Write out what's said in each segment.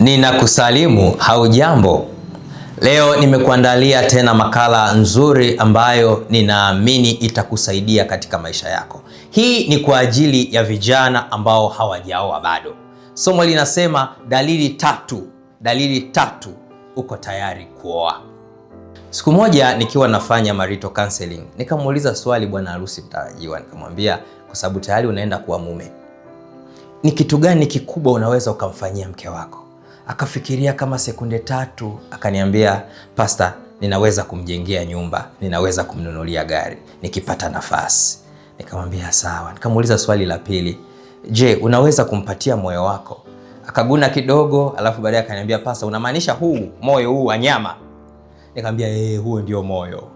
Ninakusalimu, haujambo? Leo nimekuandalia tena makala nzuri ambayo ninaamini itakusaidia katika maisha yako. Hii ni kwa ajili ya vijana ambao hawajaoa bado. Somo linasema dalili tatu, dalili tatu uko tayari kuoa. Siku moja nikiwa nafanya marito counseling, nikamuuliza swali bwana harusi mtarajiwa, nikamwambia kwa sababu tayari unaenda kuwa mume, ni kitu gani kikubwa unaweza ukamfanyia mke wako? Akafikiria kama sekunde tatu, akaniambia pasta, ninaweza kumjengea nyumba, ninaweza kumnunulia gari nikipata nafasi. Nikamwambia sawa. Nikamuuliza swali la pili, je, unaweza kumpatia moyo wako? Akaguna kidogo, alafu baadaye akaniambia, pasta, unamaanisha huu moyo huu wa nyama? Nikamwambia eh, huo ndio moyo.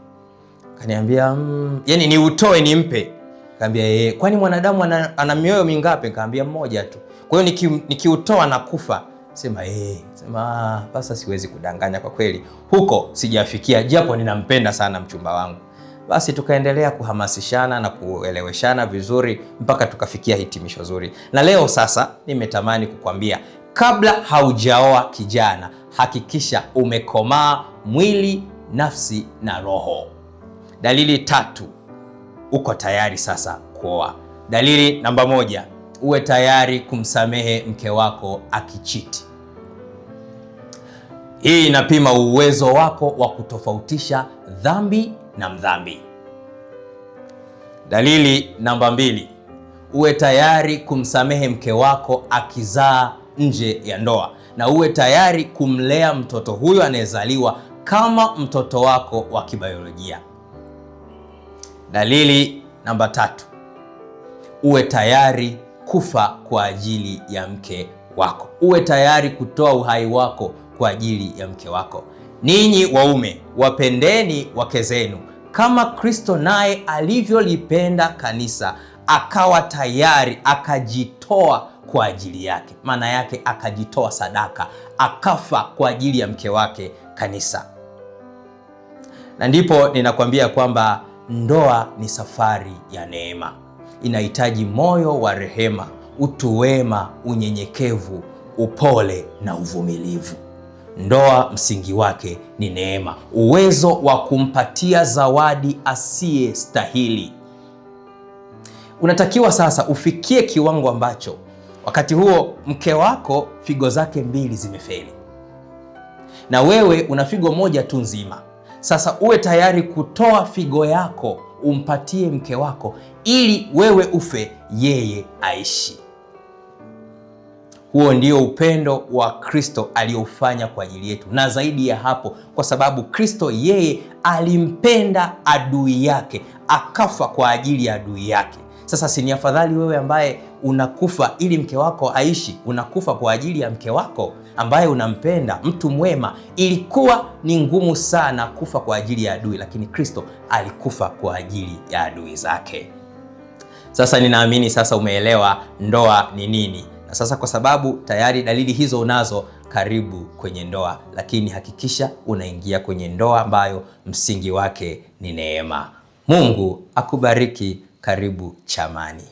Kaniambia mmm, yani ni utoe nimpe? Kaniambia eh, kwani mwanadamu ana, ana mioyo mingapi? Nikamwambia mmoja tu, kwa hiyo nikiutoa niki nakufa sema eh, sema basa, ah, siwezi kudanganya kwa kweli, huko sijafikia, japo ninampenda sana mchumba wangu. Basi tukaendelea kuhamasishana na kueleweshana vizuri mpaka tukafikia hitimisho zuri, na leo sasa nimetamani kukwambia, kabla haujaoa kijana, hakikisha umekomaa mwili, nafsi na roho. Dalili tatu, uko tayari sasa kuoa. Dalili namba moja, uwe tayari kumsamehe mke wako akichiti. Hii inapima uwezo wako wa kutofautisha dhambi na mdhambi. Dalili namba mbili, uwe tayari kumsamehe mke wako akizaa nje ya ndoa, na uwe tayari kumlea mtoto huyo anayezaliwa kama mtoto wako wa kibayolojia. Dalili namba tatu, uwe tayari kufa kwa ajili ya mke wako. Uwe tayari kutoa uhai wako kwa ajili ya mke wako. Ninyi waume wapendeni wake zenu kama Kristo naye alivyolipenda kanisa akawa tayari akajitoa kwa ajili yake. Maana yake akajitoa sadaka, akafa kwa ajili ya mke wake kanisa. Na ndipo ninakwambia kwamba ndoa ni safari ya neema inahitaji moyo wa rehema, utu wema, unyenyekevu, upole na uvumilivu. Ndoa msingi wake ni neema, uwezo wa kumpatia zawadi asiye stahili. Unatakiwa sasa ufikie kiwango ambacho wakati huo mke wako figo zake mbili zimefeli na wewe una figo moja tu nzima. Sasa uwe tayari kutoa figo yako umpatie mke wako, ili wewe ufe, yeye aishi. Huo ndio upendo wa Kristo aliofanya kwa ajili yetu, na zaidi ya hapo, kwa sababu Kristo yeye alimpenda adui yake, akafa kwa ajili ya adui yake. Sasa si ni afadhali wewe ambaye unakufa ili mke wako aishi, unakufa kwa ajili ya mke wako ambaye unampenda, mtu mwema. Ilikuwa ni ngumu sana kufa kwa ajili ya adui, lakini Kristo alikufa kwa ajili ya adui zake. Sasa ninaamini sasa umeelewa ndoa ni nini, na sasa kwa sababu tayari dalili hizo unazo, karibu kwenye ndoa, lakini hakikisha unaingia kwenye ndoa ambayo msingi wake ni neema. Mungu akubariki. Karibu chamani.